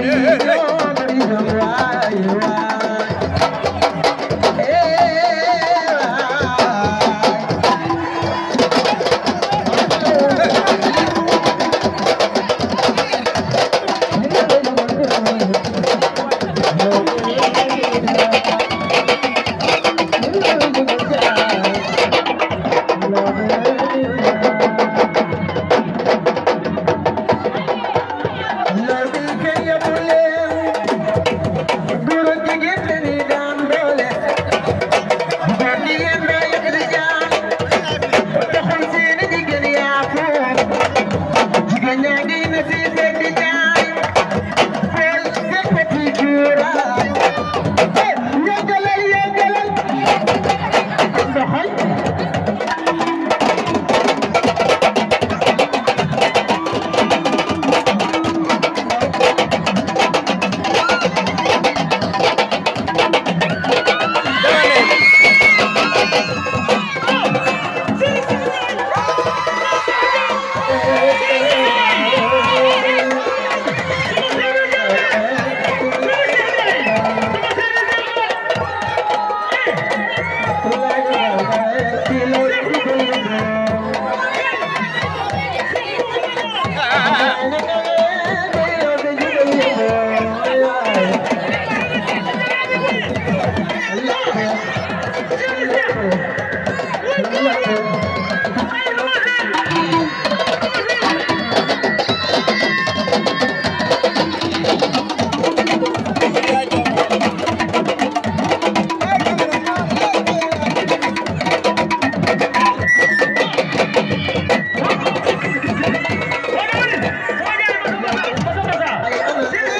Yeah.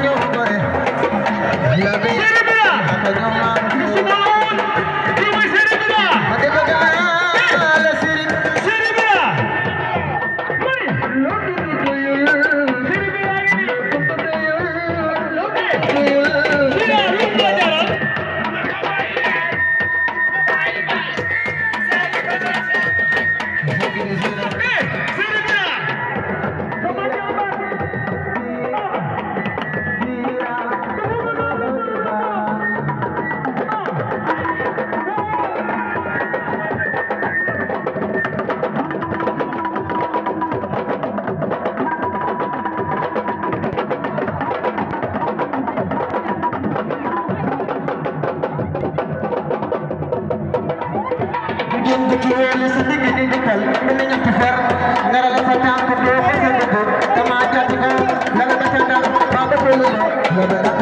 ñëw gore la bi Thank you.